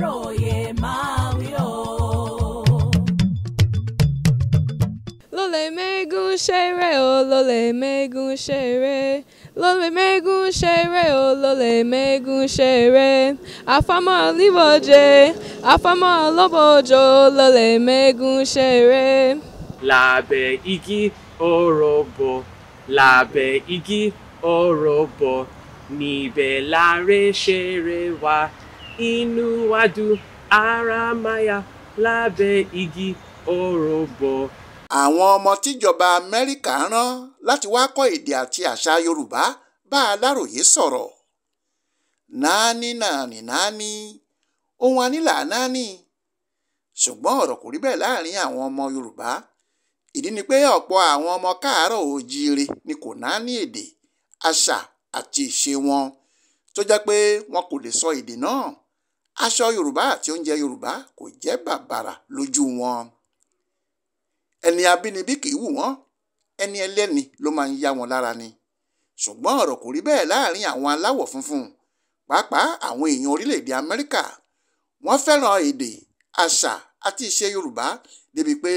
Lole máa wí o. ló lè mẹ́gún ṣeré o ló lè mẹ́gún ṣeré ló lè mẹ́gún ṣeré o ló lè mẹ́gún ṣeré àfàmọ́ líbọ̀jẹ̀ àfàmọ́ igi òròbó lábẹ́ igi òròbó níbẹ̀ láre ṣeré wá inú wájú ara máyà lábẹ́ igi ọ̀rọ̀ bọ̀. àwọn ọmọ tíjọba amẹ́ríkà rán láti wá kọ́ èdè àti àṣà yorùbá bá aláròye sọ̀rọ̀ náání náání náání ohun anílà náání ṣùgbọ́n ọ̀rọ̀ kò rí bẹ́ẹ̀ láàrin àwọn ọmọ yorùbá ìdí ni pé ọ̀pọ̀ àwọn ọmọ káàárọ̀ oòjíire ni kò náání èdè àṣà àti ìṣe wọn tó jẹ́ pé wọn kò lè sọ èdè náà aṣọ yorùbá àti oúnjẹ yorùbá kò jẹ́ bàbàrà lójú wọn ẹni abínibí kì í wù wọ́n ẹni ẹlẹ́ni ló máa ń yá wọn lára ni ṣùgbọ́n ọ̀rọ̀ kò rí bẹ́ẹ̀ láàrin àwọn aláwọ̀ funfun pàápàá àwọn èèyàn orílẹ̀-èdè amẹ́ríkà wọ́n fẹ́ràn èdè àṣà àti ìṣe yorùbá débi pé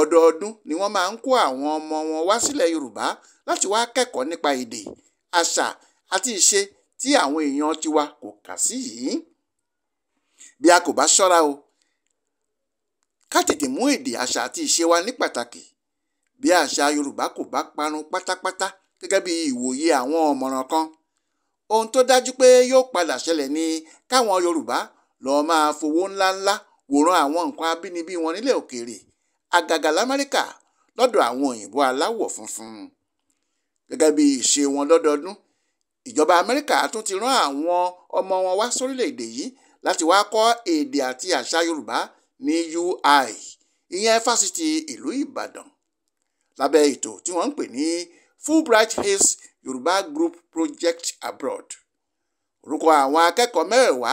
ọdọọdún ni wọ́n máa ń kó àwọn ọmọ wọn wá sílẹ̀ yorùbá láti wá kẹ́kọ̀ọ́ nípa èdè àṣà àti ìṣe tí àwọn èèyàn tiwa kò kà sí yìí bí a kò bá ṣọ́ra o ká tètè mú èdè àṣà àti ìṣe wa ní pàtàkì bí àṣà yorùbá kò bá parun pátápátá gẹ́gẹ́ bí ìwòye àwọn ọ̀mọ̀ràn kan ohun tó dájú pé yóò padà ṣẹlẹ̀ ni káwọn yorùbá lọ́ọ́ máa fowó ńláńlá wòran àwọn nǹkan abínibí wọn nílẹ̀ òkèèrè àgàgà lamẹ́ríkà lọ́dọ̀ àwọn òyìnbó aláwọ̀ funfun gẹ́gẹ́ bí ìṣe wọn lọ́dọọdún ìjọba amẹ́ríkà tún ti rán àwọn ọmọ wọn wá sórílẹ̀ yìí láti wá kọ́ èdè àti àṣà Yorùbá ní UI ìyẹn fásitì ìlú Ìbàdàn lábẹ́ ètò tí wọ́n ń pè ní Fulbright Hayes Yorùbá Group Project Abroad orúkọ àwọn akẹ́kọ̀ọ́ mẹ́wàá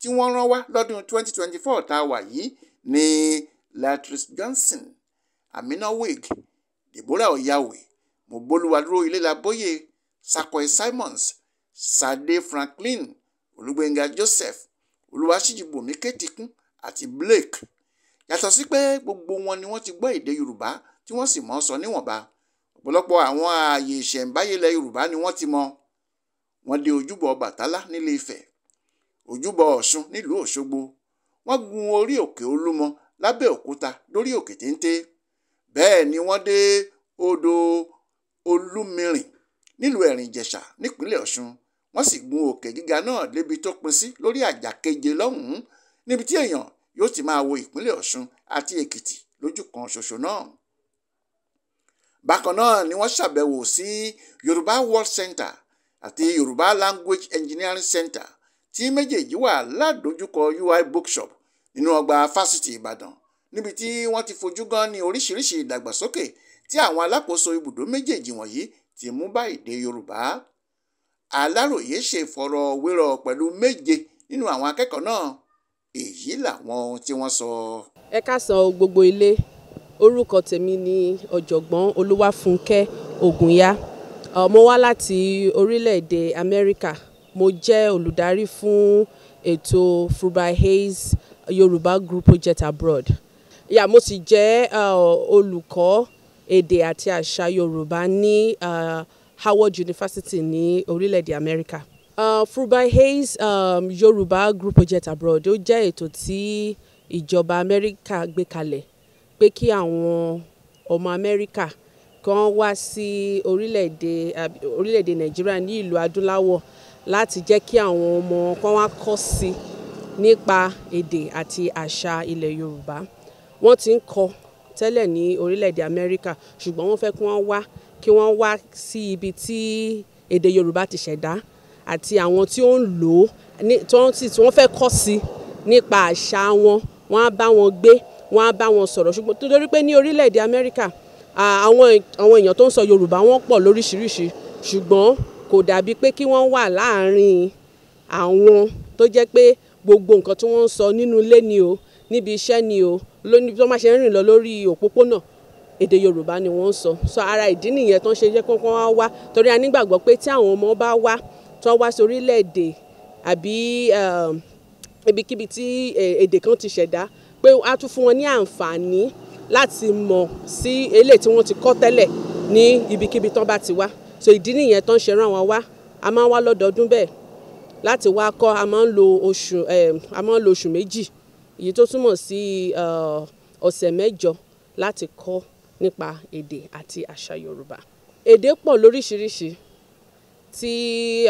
tí wọ́n rán wá lọ́dún 2024 tá a wà yìí ní Latrice Johnson Amina Wig Deborah Oyawe Moboluwaduro Ilelaboye Sakoe Simons Sade Franklin Olúgbénga Joseph olùwàṣíjìbòmí kẹ́tìkún àti blake yàtọ̀ sí pé gbogbo wọn ni wọ́n ti gbọ́ èdè yorùbá tí wọ́n sì mọ̀ sọ níwọ̀nba ọ̀pọ̀lọpọ̀ àwọn ààyè ìṣẹ̀ǹbáyé ilẹ̀ yorùbá ni wọ́n ti mọ̀ wọ́n dé ojúbọ bàtálá nílé ifẹ̀ ojúbọ ọ̀ṣun nílùú òṣogbo wọ́n gun orí òkè olúmọ lábẹ́ òkúta lórí òkè téńté bẹ́ẹ̀ ni wọ́n dé odò olúmirìn nílùú ẹ̀rìn ìjẹ̀ṣà nípínlẹ̀ ọ̀ṣun wọ́n sì gun òkè gíga náà débi tó pin sí lórí àjà keje lọ́hùn-ún níbi tí èèyàn yóò ti máa wo ìpínlẹ̀ ọ̀ṣun àti èkìtì lójú kan ṣoṣo náà. bákan náà ni wọ́n ṣàbẹ̀wò sí yorùbá world center àti yorùbá language engineering center tí méjèèjì wà ládojúkọ ui bookshop nínú ọgbà fásitì ìbàdàn níbi tí wọ́n ti fojú gan ní oríṣiríṣi ìdàgbàsókè tí àwọn alákòóso ibùdó méjèèjì wọ̀nyí ti mú bá èdè yorùbá aláròye ṣe ìfọ̀rọ̀wérọ̀ pẹ̀lú méje nínú àwọn akẹ́kọ̀ọ́ náà èyí làwọn ohun tí wọ́n sọ. ẹ káàsán o gbogbo ilé orúkọ tèmi ni ọ̀jọ̀gbọ́n olúwàfúnkẹ́ ògùnyá mo wá láti orílẹ̀-èdè amẹ́ríkà mo jẹ́ olùdarí fún ètò Fulbright Hayes Yorùbá Group Project Abroad yà mo sì jẹ́ olùkọ́ èdè àti àṣà yorùbá ní uh, Howard University ní orílẹ̀-èdè Amẹ́ríkà. Uh, Frubai Hayes um, Yorùbá Group Project Abroad ó jẹ́ ètò tí ìjọba Amẹ́ríkà gbé kalẹ̀ pé kí àwọn ọmọ Amẹ́ríkà kan wá sí orílẹ̀-èdè orílẹ̀-èdè Nàìjíríà ní ìlú adúláwọ̀ láti jẹ́ kí àwọn ọmọ kan wá kọ́ sí nípa èdè àti àṣà ilẹ̀ Yorùbá wọ́n ti ń kọ́ tẹ́lẹ̀ ní orílẹ̀-èdè Amẹ́ríkà ṣùgbọ́n wọ́n fẹ́ kí wọ́n wá kí wọ́n wá sí ibi tí èdè Yorùbá ti ṣẹ̀dá àti àwọn tí ó ń lò ó tí wọ́n sì tí wọ́n fẹ́ kọ́ sí nípa àṣà wọn wọ́n á bá wọn gbé wọ́n á bá wọn sọ̀rọ̀ ṣùgbọ́n torí pé ní orílẹ̀-èdè Amẹ́ríkà àwọn àwọn èèyàn tó ń sọ Yorùbá wọ́n pọ̀ lóríṣiríṣi ṣùgbọ́n kò dàbí pé kí wọ́n wà láàárín àwọn tó jẹ́ pé gbogbo nǹkan tí wọ́n ń sọ nínú ilé ni o níbi iṣẹ́ ni o lóní tó má ṣe ń rìn lọ lórí òpópónà èdè yorùbá ni wọ́n ń sọ so ara ìdí nìyẹn tó ń ṣe jẹ́ kọ́kọ́ wá wá torí a nígbàgbọ́ pé tí àwọn ọmọ bá wá tó wá sí orílẹ̀-èdè àbí ehm, ibikíbi tí e, èdè kan ti ṣẹ̀dá pé a tún fún wọn ní àǹfààní láti mọ̀ sí eléyìí tí wọ́n ti kọ́ tẹ́lẹ̀ ní ibikíbi tán bá ti wá so ìdí nìyẹn tó ń ṣe rán wọn wá a máa ń wá lọ́dọọdún bẹ́ẹ̀ láti wá kọ́ lo oṣù ehm, a máa ń lo oṣù méjì èyí tó túmọ̀ sí ehm, ọ̀sẹ̀ mẹ́jọ láti kọ́ nípa èdè àti àṣà Yorùbá. Èdè pọ̀ lóríṣiríṣi tí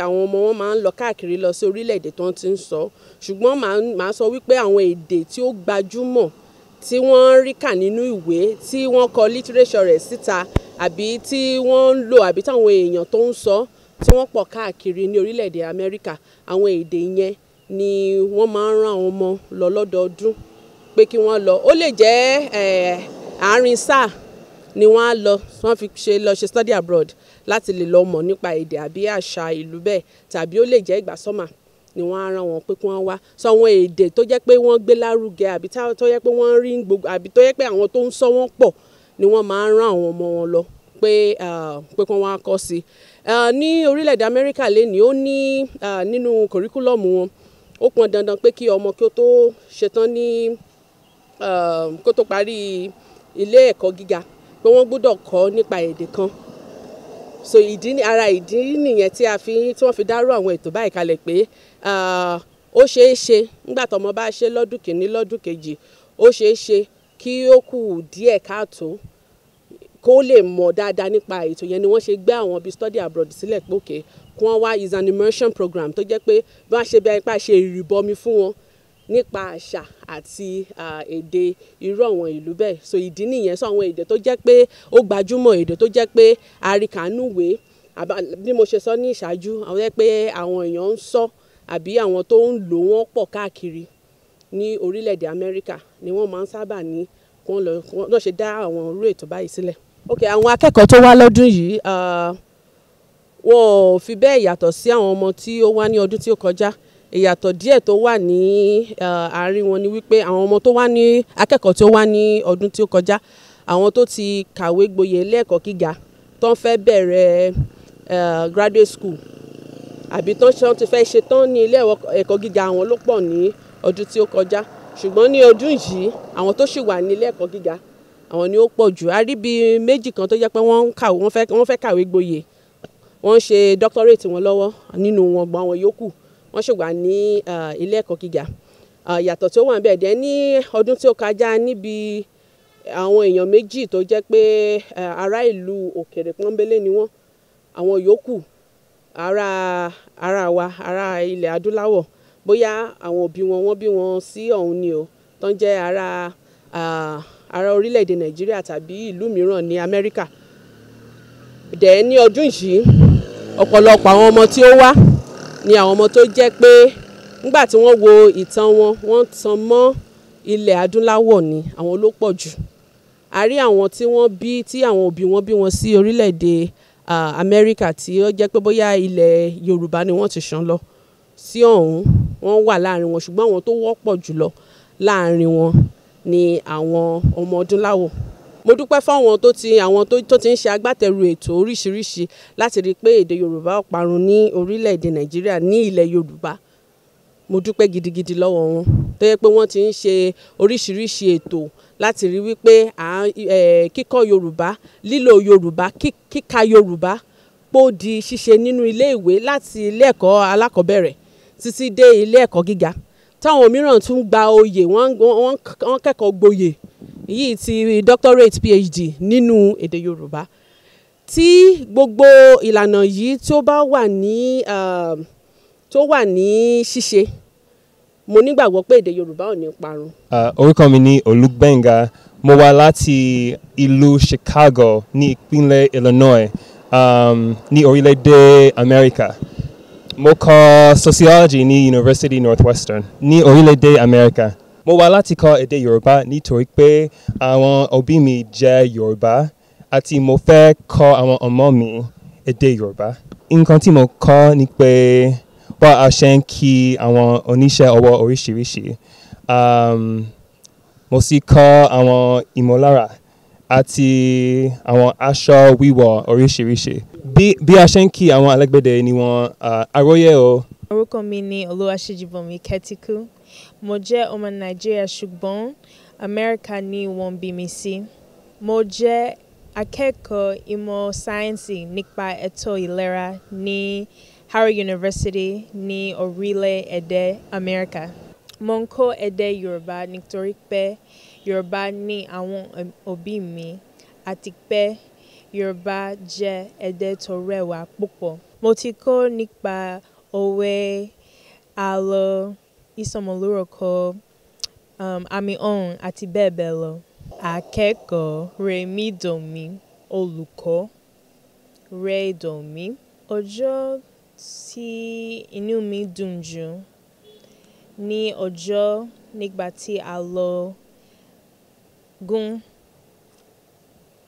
àwọn ọmọ wọn máa ń lọ káàkiri lọ sí orílẹ̀-èdè tó ń ti ń sọ ṣùgbọ́n màá sọ wípé àwọn èdè tí ó gbajúmọ̀ tí wọ́n ń rí kà nínú ìwé tí wọ́n kọ lítírésọ̀ rẹ̀ síta àbí tí wọ́n ń lò àbí táwọn èèyàn tó ń sọ tí wọ́n pọ̀ káàkiri ní orílẹ̀-èdè Amẹ́ríkà àwọn èdè yẹn ni wọ́n máa ń rán àwọn ọmọ lọ lọ́dọọdún pé kí wọ́n lọ ó lè jẹ́ àárín sáà ni wọ́n á lọ wọ́n fi ṣe lọ ṣe study abroad láti lè lọ mọ̀ nípa èdè àbí àṣà ìlú bẹ́ẹ̀ tàbí ó lè jẹ́ ìgbà sọ́mà ni wọ́n á rán wọn pé kí wọ́n wá sọ àwọn èdè tó jẹ́ pé wọ́n gbé lárugẹ àbí tó jẹ́ pé wọ́n rí gbogbo àbí tó jẹ́ pé àwọn tó ń sọ wọ́n pọ̀ ni wọ́n máa ń rán àwọn ọmọ wọn lọ pé pé kí wọ́n wá kọ́ sí i ní orílẹ̀-èdè Amẹ́ríkà lẹ́nìí ó ní nínú kòríkúlọ̀mù wọn ó pọn dandan pé kí ọmọ kí ó tó ṣetán ní kó tó parí ilé ẹ̀kọ́ gíga pé wọ́n gbọ́dọ̀ kọ́ nípa èdè kan so ìdí ara ìdí nìyẹn tí a fi tí wọ́n fi dárú àwọn ètò báyìí kalẹ̀ pé ó ṣeé ṣe nígbà tọ́mọ bá ṣe lọ́dún kìíní lọ́dún kejì ó ṣeé ṣe kí ó kù díẹ̀ káàtó kó lè mọ̀ dáadáa nípa ètò yẹn ni wọ́n ṣe gbé àwọn bíi study abroad sílẹ̀ pé òkè kí wọ́n wá is an immersion program tó jẹ́ pé bí wọ́n ṣe bí apá ṣe ìrìbọmi fún wọn nípa àṣà àti èdè irú àwọn ìlú bẹ́ẹ̀ so ìdí nìyẹn sọ àwọn èdè tó jẹ́ pé ó gbajúmọ̀ èdè tó jẹ́ pé àríkànúwèé bí mo ṣe sọ ní ìṣáájú àwọn jẹ́ pé àwọn èèyàn ń sọ àbí àwọn tó ń lò wọ́n pọ̀ káàkiri ní orílẹ̀-èdè Amẹ́ríkà ni wọ́n máa ń sábà ní kó lọ lọ́ ṣe dá àwọn irú ètò báyìí sílẹ̀. ok àwọn akẹ́kọ̀ọ́ tó wá lọ́dún yìí wọn ò fi bẹ́ẹ̀ yàtọ̀ sí àwọn ọmọ tí ó wá ní ọdún tí ó kọjá ìyàtọ̀ díẹ̀ tó wà ní àárín wọn ni wípé àwọn ọmọ tó wá ní akẹ́kọ̀ọ́ tó wá ní ọdún tí kọjá àwọn tó ti kàwé gboyè ilé gíga tó ń fẹ́ bẹ̀rẹ̀ graduate school àbí tó ń ti fẹ́ ṣe tán ní ilé ẹ̀kọ́ gíga àwọn ló pọ̀ ní ọdún tí kọjá ṣùgbọ́n ní ọdún yìí àwọn tó sì wà ní ilé ẹ̀kọ́ gíga àwọn ni ó pọ̀ jù a rí bíi méjì kan tó jẹ́ pé wọ́n kàwé wọ́n fẹ́ kàwé gboyè wọ́n ń ṣe doctorate wọn lọ́wọ́ nínú wọn gbọ́n àwọn yòókù wọ́n ṣì wà ní ilé ẹ̀kọ́ gíga yàtọ̀ tí ó wà níbẹ̀ dẹ́ ní ọdún tí ó kọjá níbi àwọn èèyàn méjì tó jẹ́ pé ará ìlú òkèrè pọ́nbélé ni wọ́n àwọn yòókù ara ará wa ará ilẹ̀ adúláwọ̀ bóyá àwọn òbí wọn wọ́n bí wọn sí ọ̀hún ni o tó ń jẹ́ ará ará orílẹ̀-èdè nàìjíríà tàbí ìlú mìíràn ní amẹ́ríkà dẹ̀ ní ọdún yìí ọ̀pọ̀lọpọ̀ àwọn ọmọ tí ó wá ni àwọn ọmọ tó jẹ́ pé nígbà tí wọ́n wo ìtàn wọn wọ́n tan mọ́ ilẹ̀ adúláwọ̀ ni àwọn ló pọ̀ jù a rí àwọn tí wọ́n bí tí àwọn òbí wọn bí wọn sí orílẹ̀-èdè Amẹ́ríkà tí ó jẹ́ pé bóyá ilẹ̀ Yorùbá ni wọ́n ti ṣàn lọ sí ọ̀hún wọ́n wà láàrin wọn ṣùgbọ́n àwọn tó wọ́pọ̀ jùlọ láàrin wọn ni àwọn ọmọ adúláwọ̀ mo dúpẹ́ fáwọn tó ti àwọn tó ti ń ṣe agbátẹrù ètò oríṣiríṣi láti rí i pé èdè yorùbá ò parun ní orílẹ̀-èdè nàìjíríà ní ilẹ̀ yorùbá mo dúpẹ́ gidigidi lọ́wọ́ wọn tó yẹ pé wọ́n ti ń ṣe oríṣiríṣi ètò láti rí wípé kíkọ́ yorùbá lílo yorùbá kíka yorùbá pò di ṣíṣe nínú ilé láti ilé alákọ̀ọ́bẹ̀rẹ̀ títí dé ilé gíga táwọn mìíràn tún gba oyè wọ́n kẹ́kọ̀ọ́ gboyè yìí ti doctorate phd nínú èdè yorùbá tí gbogbo ìlànà yìí tó bá wà ní um, tó wà ní ṣíṣe mo nígbàgbọ́ pé èdè yorùbá ò ní parun. orúkọ mi ni olúgbẹ̀ngà mo wá láti ìlú chicago ní ìpínlẹ̀ illinois um, ní orílẹ̀-èdè america mo kọ́ sociology ní university northwestern ní orílẹ̀-èdè america mo wá láti kọ́ èdè yorùbá nítorí pé àwọn òbí mi jẹ́ yorùbá àti mo fẹ́ kọ́ àwọn ọmọ mi èdè yorùbá nǹkan tí mo kọ́ ni pé bá a ṣe ń kí àwọn oníṣẹ́ ọwọ́ oríṣiríṣi um, mo sì kọ́ àwọn ìmọ̀lára àti àwọn aṣọ wíwọ̀ oríṣiríṣi bí bí a ṣe ń kí àwọn alágbẹ̀dẹ ni wọ́n uh, àròyé o. orúkọ mi ni olúwaṣèjìbọ̀mí kẹ́tíkú Mo jẹ́ ọmọ Nàìjíríà ṣùgbọ́n Amẹ́ríkà ni wọ́n bí mi sí. Mo jẹ́ akẹ́kọ̀ọ́ ìmọ̀ sáyẹ́ǹsì nípa ètò ìlera ní Harvard University ní orílẹ̀-èdè Amẹ́ríkà. Mo ń kọ́ èdè Yorùbá nítorí pé Yorùbá ni àwọn òbí mi àti pé Yorùbá jẹ́ èdè tó rẹwà púpọ̀. Mo ti kọ́ nípa òwe, àlọ́, ìsọmọlórúkọ um àmì ọ̀hún àti bẹ́ẹ̀ bẹ́ẹ̀ lọ akẹ́kọ̀ọ́ rẹmi-dòmí olùkọ́ rẹ-dòmí ọjọ́ tí inú mi dùn jù ní ọjọ́ nígbà tí a lọ gun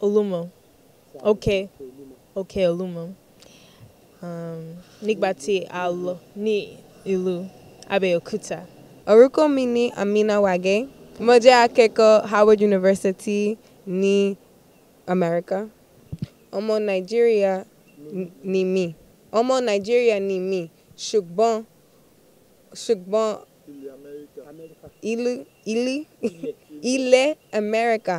olúmọ òkè òkè olúmọ um nígbà tí a lọ ní ìlú. Abeokuta. Orúkọ mi ni Amina Wage. Mo jẹ́ akẹ́kọ̀ọ́ Howard University ní America. Ọmọ Nàìjíríà ni mí. Ọmọ Nàìjíríà ni mí ṣùgbọ́n ṣùgbọ́n ìlú ilé ilẹ̀ America.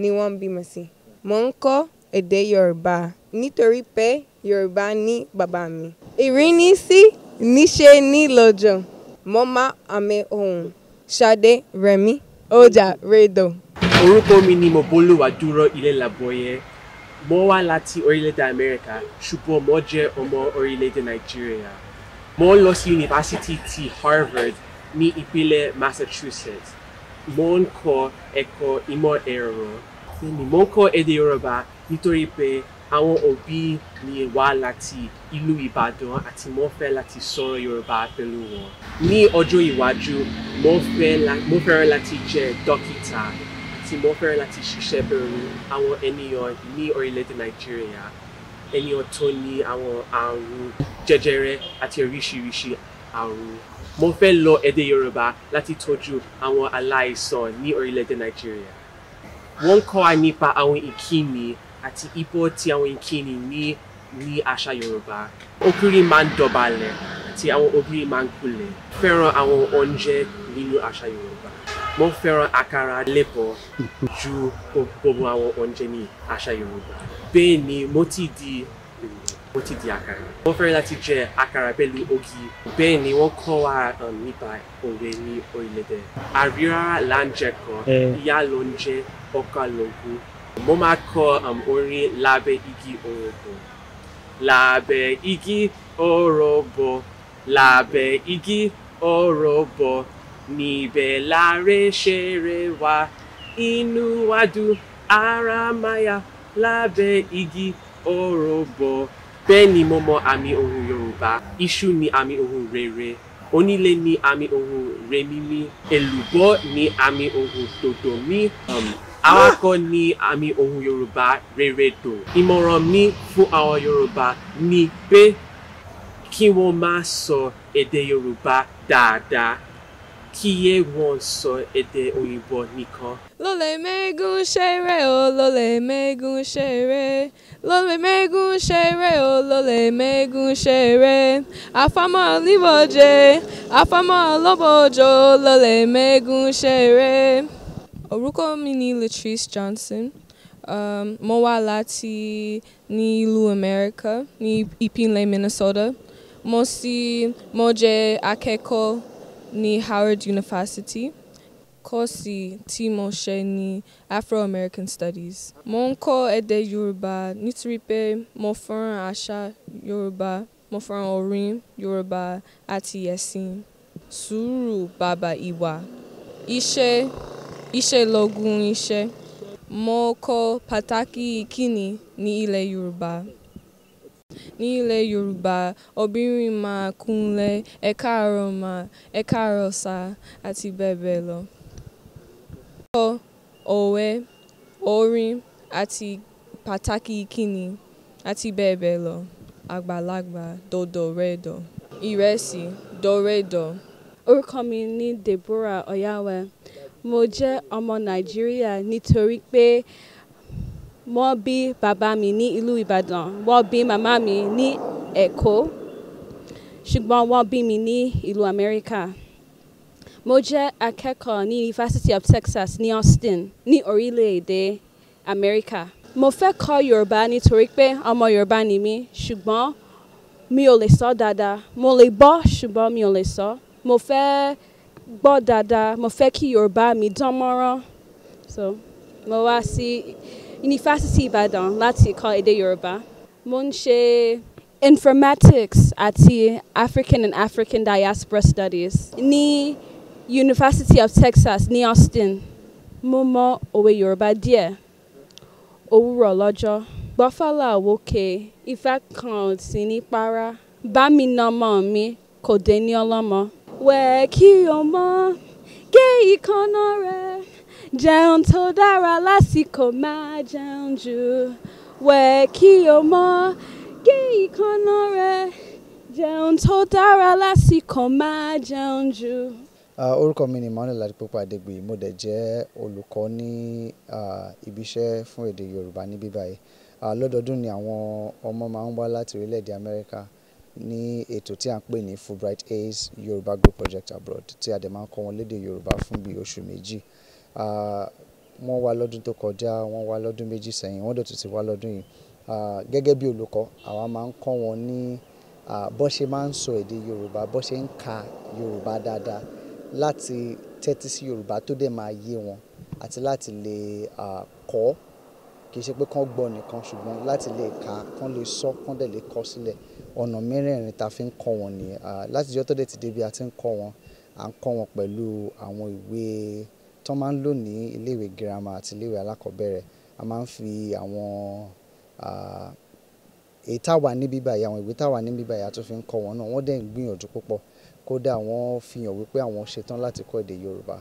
ni wọ́n bí mi sí. Mo ń kọ́ èdè Yorùbá nítorí pé Yorùbá ni bàbá mi. Ìrínisí níṣe ní lọ́jọ́ mọ́má àmì ohun ṣadé rẹ̀mí ọjà rédò. orúkọ mi ni mọ̀bólúwàdúrọ̀ ilẹ̀ làbọ̀yẹ mo wá láti orílẹ̀-èdè amẹ́ríkà ṣùgbọ́n mo jẹ́ ọmọ orílẹ̀-èdè nàìjíríà mo lọ sí yunifásitì ti harvard ní ìpínlẹ̀ massachusetts mo ń kọ́ ẹ̀kọ́ ìmọ̀ ẹ̀rọ mo ń kọ́ èdè yorùbá nítorí pé àwọn òbí mi wá láti ìlú Ìbàdàn àti mo fẹ́ láti sọ̀rọ̀ Yorùbá pẹ̀lú wọn. Ní ọjọ́ iwájú mo fẹ́ràn láti jẹ́ dókítà àti mo fẹ́ràn láti ṣiṣẹ́ pẹ̀lú àwọn ènìyàn ní orílẹ̀-èdè Nàìjíríà ènìyàn tó ní àwọn àrùn jẹjẹrẹ àti oríṣiríṣi àrùn. Mo fẹ́ lọ èdè Yorùbá láti tọ́jú àwọn aláìsàn ní orílẹ̀-èdè Nàìjíríà. Wọ́n kọ́ wa nípa àwọn ìkíni àti ipò tí àwọn ìkíni ní ní àṣà Yorùbá ọkùnrin máa ń dọ̀bálẹ̀ àti àwọn obìnrin máa ń kúnlẹ̀ fẹ́ràn àwọn oúnjẹ nínú àṣà Yorùbá mo fẹ́ràn àkàrà lẹ́pọ̀ ju gbogbo àwọn oúnjẹ ní àṣà Yorùbá bẹ́ẹ̀ ni mo ti di mo ti di àkàrà mo fẹ́ràn láti jẹ àkàrà pẹ̀lú ògì bẹ́ẹ̀ ni wọ́n kọ́ wa um, nípa òwe ní orílẹ̀-èdè àríra là ń jẹ kan ìyá ló ń jẹ ọkà lógún mo máa kọ um, orin lábẹ́ igi orobo, lábẹ́ igi orobo, lábẹ́ igi orobo, níbẹ̀ láre ṣeré wa inú wa dùn ara máa lábẹ́ igi orobo, bẹ́ẹ̀ ni mo mọ àmì ohùn yorùbá iṣu ni àmì ohùn rere onílé ni àmì ohùn rẹmímí èlùbọ́ ni àmì ohùn tòdòmí. Um, awakọ ni àmì ohùn yorùbá rere dò ìmọ̀ràn mi fún àwọn yorùbá ni pé kí wọ́n máa sọ èdè yorùbá dáadáa kí yé wọn sọ èdè òyìnbó nìkan. ló lè ṣeré o ló lè ṣeré ló lè ṣeré o ló lè ṣeré àfàmọ́ líbọ̀jẹ̀ àfàmọ́ lọ́bọ̀jọ́ ló lè ṣeré. Orúkọ mi ni Latrice Johnson. Um, mo wá láti ní ìlú America ní ìpínlẹ̀ Minnesota. Mo sì mo jẹ́ akẹ́kọ̀ọ́ ní Howard University. Kọ́ọ̀sì tí mo ṣe ní Afro-American Studies. Mo ń kọ́ èdè Yorùbá nítorí pé mo fẹ́ràn àṣà Yorùbá, mo fẹ́ràn orin Yorùbá àti ẹ̀sìn. Sùúrù baba ìwà. Iṣẹ́ Iṣẹ́ l'oògùn Mo kọ pàtàkì ìkíni ní ilẹ̀ Yorùbá. Ní ilẹ̀ Yorùbá, obìnrin máa ma, àti bẹ́ẹ̀ bẹ́ẹ̀ lọ. Kíkọ òwe, orin àti pàtàkì ìkíni àti bẹ́ẹ̀ bẹ́ẹ̀ lọ. Àgbàlagbà dọ̀dọ̀ rẹ ìrẹsì mi ni Deborah oyawa mo jẹ́ ọmọ nàìjíríà nítorí pé wọ́n bí bàbá mi ní ìlú ìbàdàn wọ́n bí màmá mi ní èkó ṣùgbọ́n wọ́n bí mi ní ìlú amẹ́ríkà mo jẹ́ akẹ́kọ̀ọ́ ní university of texas ní austin ní orílẹ̀-èdè amẹ́ríkà mo fẹ́ kọ́ yorùbá nítorí pé ọmọ yorùbá ni mí ṣùgbọ́n mi ò lè sọ dáadáa mo lè gbọ́ ṣùgbọ́n mi ò lè sọ mo fẹ́ gbọ́ dáadáa mo fẹ́ kí Yorùbá mi dán mọ́rán so mo wá sí yunifásitì Ìbàdàn láti kọ́ èdè Yorùbá mo ń ṣe informatics àti African and African diaspora studies ní University of Texas ní Austin mo mọ òwe Yorùbá díẹ̀ òwúrọ̀ lọ́jọ́ gbọ́fàlà wòkè ìfẹ́ kan ò sí ní para bá mi nà ọmọ mi kò dé ní ọlọ́mọ wẹ̀ kí o mọ́ gé ìkaná rẹ jẹun tó dára lásìkò máa jẹun jù wẹ̀ kí o mọ́ gé ìkaná rẹ jẹun tó dára lásìkò máa jẹun jù. orúkọ mi ni Emmanuel Adépọ́pọ̀ Adégbèyí mo dẹ̀ jẹ́ olùkọ́ ní ibiṣẹ́ fún èdè Yorùbá níbí báyìí lọ́dọọdún ni àwọn ọmọ máa ń wá láti orílẹ̀-èdè ní ètò tí a ń pè ní Fulbright Ace Yorùbá Group Project Abroad tí a dẹ̀ máa ń kọ́ wọn lédè Yorùbá fún bíi oṣù méjì wọ́n wá lọ́dún tó kọjá wọ́n wá lọ́dún méjì sẹ́yìn wọ́n dẹ̀ tún ti wá lọ́dún yìí gẹ́gẹ́ bí olùkọ́ àwa máa ń kọ́ wọn ní bó ṣe máa ń sọ èdè Yorùbá bó ṣe ń ka Yorùbá dáadáa láti tẹ́tí sí Yorùbá tó dẹ̀ máa yé wọn àti láti lè kọ́ kì í ṣe pé kán gbọ́ nìkan ṣùgbọ́n láti lè kà kán lè sọ kán dẹ̀ lè kọ sílẹ̀ ọ̀nà mẹ́rẹ̀ẹ̀rin tá a fi ń kọ́ wọn nìyẹn látijọ́ tó dẹ̀ ti débi a ti ń kọ́ wọn à ń kọ́ wọn pẹ̀lú àwọn ìwé tó máa ń lò ní iléèwé girama àti iléèwé alákọ̀ọ́bẹ̀rẹ̀ a máa ń fi àwọn èyí táwa níbí báyìí àwọn ìwé táwa níbí báyìí a tún fi ń kọ́ wọn náà wọ́n dẹ̀ ń gbìyànjú púpọ̀ kódà wọ́n fi hàn wípé àwọn ṣetán láti kọ́ èdè Yorùbá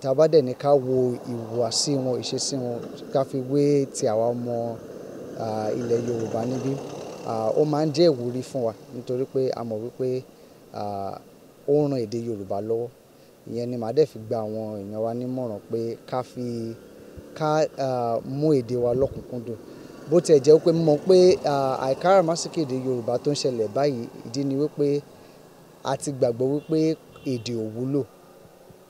tá a bá dẹ̀ ní ká wo ìhùwàsí wọn ìṣesí wọn ká fi wé ti àwa ọmọ ilẹ̀ Yorùbá níbí ó máa ń jẹ́ ìwúrí fún wa nítorí pé a mọ̀ wípé ó ń ran èdè Yorùbá lọ́wọ́ ìyẹn ni màá dẹ̀ fi gba àwọn èèyàn wa nímọ̀ràn pé ká fi ká mú èdè wa lọ́kùnkúndùn bó tiẹ̀ jẹ́ pé mo mọ̀ pé àìkáràmásìkò èdè Yorùbá tó ń ṣẹlẹ̀ báyìí ìdí ni wípé a ti gbàgbọ́ wípé èdè ò wúlò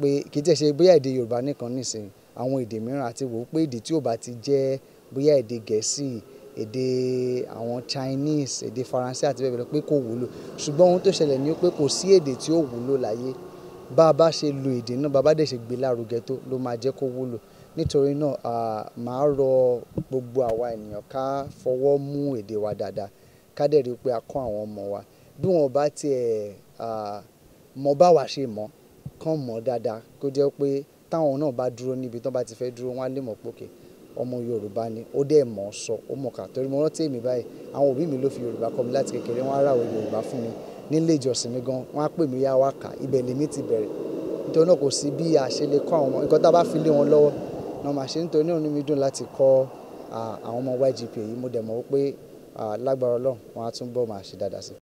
pé kì í tẹ̀ ṣe bóyá èdè Yorùbá nìkan nìsín àwọn èdè mìíràn àti wò ó pé èdè tí ò bá ti jẹ́ bóyá èdè Gẹ̀ẹ́sì èdè àwọn Chinese èdè Faransé àti bẹ́ẹ̀ bẹ́ẹ̀ lọ pé kò wúlò ṣùgbọ́n ohun tó ṣẹlẹ̀ ni pé kò sí èdè tí ó wúlò láyé bá a bá ṣe lo èdè náà bá a bá dẹ̀ ṣe gbé tó ló máa jẹ́ kó wúlò nítorí náà màá rọ gbogbo àwa ènìyàn ká fọwọ́ mú èdè wa dáadáa ká dẹ̀ rí i pé a kọ́ àwọn ọmọ wa bí wọn bá tiẹ̀ mọ báwa ṣe mọ̀ kán mọ̀ dáadáa kó jẹ́ pé táwọn náà bá dúró níbi tán bá ti fẹ́ dúró wọn á lè mọ̀ pókè. Okay ọmọ yorùbá ni ó dẹ̀ mọ̀ ọ́ sọ ó mọ̀ ká torí mo rántí èmi báyìí àwọn òbí mi ló fi yorùbá kọ́ mi láti kékeré wọ́n á ráwọ̀ yorùbá fún mi nílé ìjọsìn mi gan wọ́n á pè mí yá wá kà ibẹ̀ lèmi ti bẹ̀rẹ̀ nítorí náà kò sí bí a ṣe lè kọ́ àwọn ọmọ nǹkan tá a bá fi lé wọn lọ́wọ́ náà màá ṣe nítorí náà mi dùn láti kọ́ àwọn ọmọ YGP èyí mo dẹ̀ mọ̀ pé lágbára ọlọ́run wọn á tún bọ̀ máa ṣe dáadáa sí